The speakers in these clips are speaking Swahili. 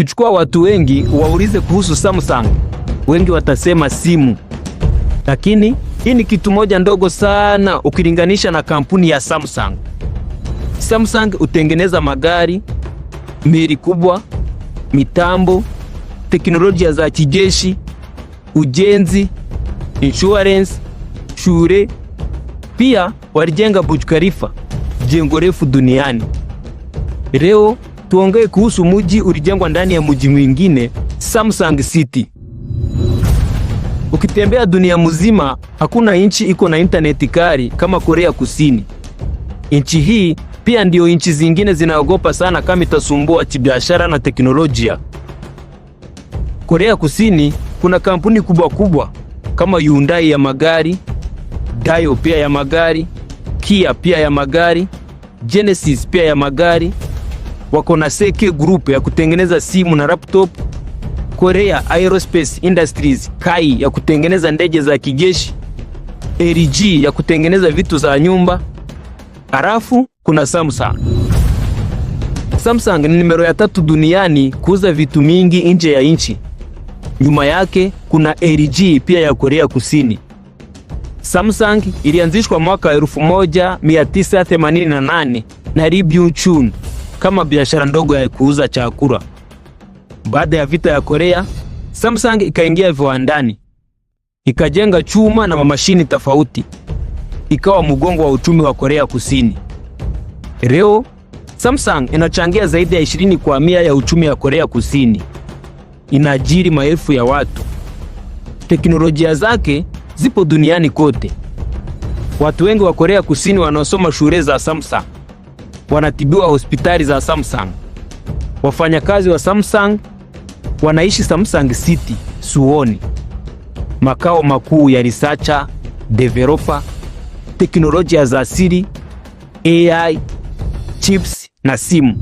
Ukichukua watu wengi waulize kuhusu Samsung, wengi watasema simu, lakini hii ni kitu moja ndogo sana ukilinganisha na kampuni ya Samsung. Samsung hutengeneza magari, meli kubwa, mitambo, teknolojia za kijeshi, ujenzi, insurance, shule. Pia walijenga Burj Khalifa, jengo refu duniani. Leo tuongee kuhusu mji ulijengwa ndani ya mji mwingine, Samsung City. Ukitembea dunia mzima, hakuna nchi iko na intaneti kali kama Korea Kusini. Nchi hii pia ndiyo nchi zingine zinaogopa sana kama itasumbua kibiashara na teknolojia. Korea Kusini kuna kampuni kubwa kubwa kama Hyundai ya magari, Daewoo pia ya magari, Kia pia ya magari, Genesis pia ya magari, wako na Seke Group ya kutengeneza simu na laptop, Korea Aerospace Industries, Kai ya kutengeneza ndege za kijeshi, LG ya kutengeneza vitu za nyumba, halafu kuna Samsung. Samsung ni nimero ya tatu duniani kuuza vitu mingi nje ya nchi. Nyuma yake kuna LG pia ya Korea Kusini. Samsung ilianzishwa mwaka 1988 na Lee Byung-chul kama biashara ndogo ya kuuza chakula. Baada ya vita ya Korea, Samsung ikaingia viwandani, ikajenga chuma na mashini tofauti, ikawa mgongo wa uchumi wa Korea Kusini. Leo Samsung inachangia zaidi ya 20 kwa mia ya uchumi wa Korea Kusini, inaajiri maelfu ya watu. Teknolojia zake zipo duniani kote. Watu wengi wa Korea Kusini wanaosoma shule za Samsung wanatibiwa hospitali za Samsung. Wafanyakazi wa Samsung wanaishi Samsung City, suoni makao makuu ya researcher, developer, teknolojia za asili, AI, chips na simu.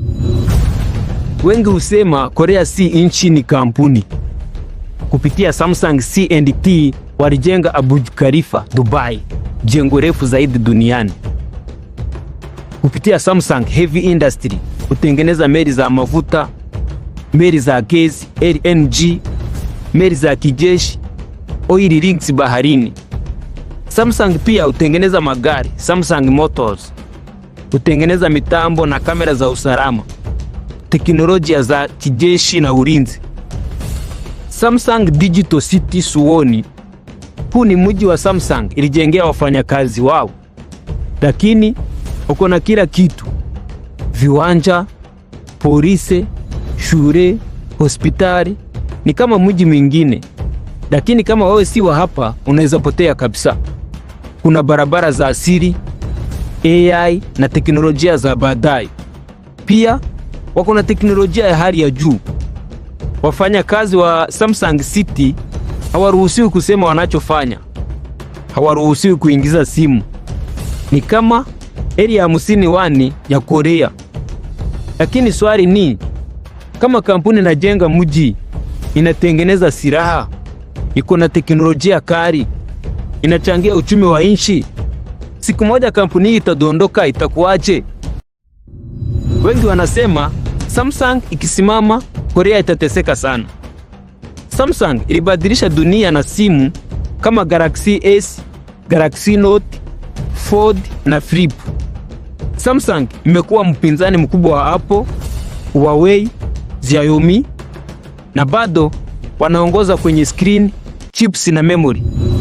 Wengi husema Korea si nchi, ni kampuni. Kupitia Samsung C&T walijenga Abuj Khalifa Dubai, jengo refu zaidi duniani kupitia Samsung Heavy Industry kutengeneza meli za mafuta, meli za gesi LNG, meli za kijeshi, oil rigs baharini. Samsung pia hutengeneza magari Samsung Motors, hutengeneza mitambo na kamera za usalama, teknolojia za kijeshi na ulinzi. Samsung Digital City Suoni, Huu ni mji wa Samsung ilijengea wafanyakazi wao, lakini uko na kila kitu: viwanja, polisi, shule, hospitali. Ni kama mji mwingine, lakini kama wewe si wa hapa, unaweza potea kabisa. Kuna barabara za asili, AI na teknolojia za baadaye. Pia wako na teknolojia ya hali ya juu. Wafanyakazi wa Samsung City hawaruhusiwi kusema wanachofanya, hawaruhusiwi kuingiza simu. Ni kama heri ya hamsini wani ya Korea. Lakini swali ni kama kampuni inajenga mji, inatengeneza silaha, iko na teknolojia kali, inachangia uchumi wa nchi, siku moja kampuni hii itadondoka, itakuwaje? Wengi wanasema Samsung ikisimama Korea itateseka sana. Samsung ilibadilisha dunia na simu kama Galaxy S, Galaxy Note, Fold na Flip. Samsung imekuwa mpinzani mkubwa wa Apple, Huawei, Xiaomi na bado wanaongoza kwenye screen, chips na memory.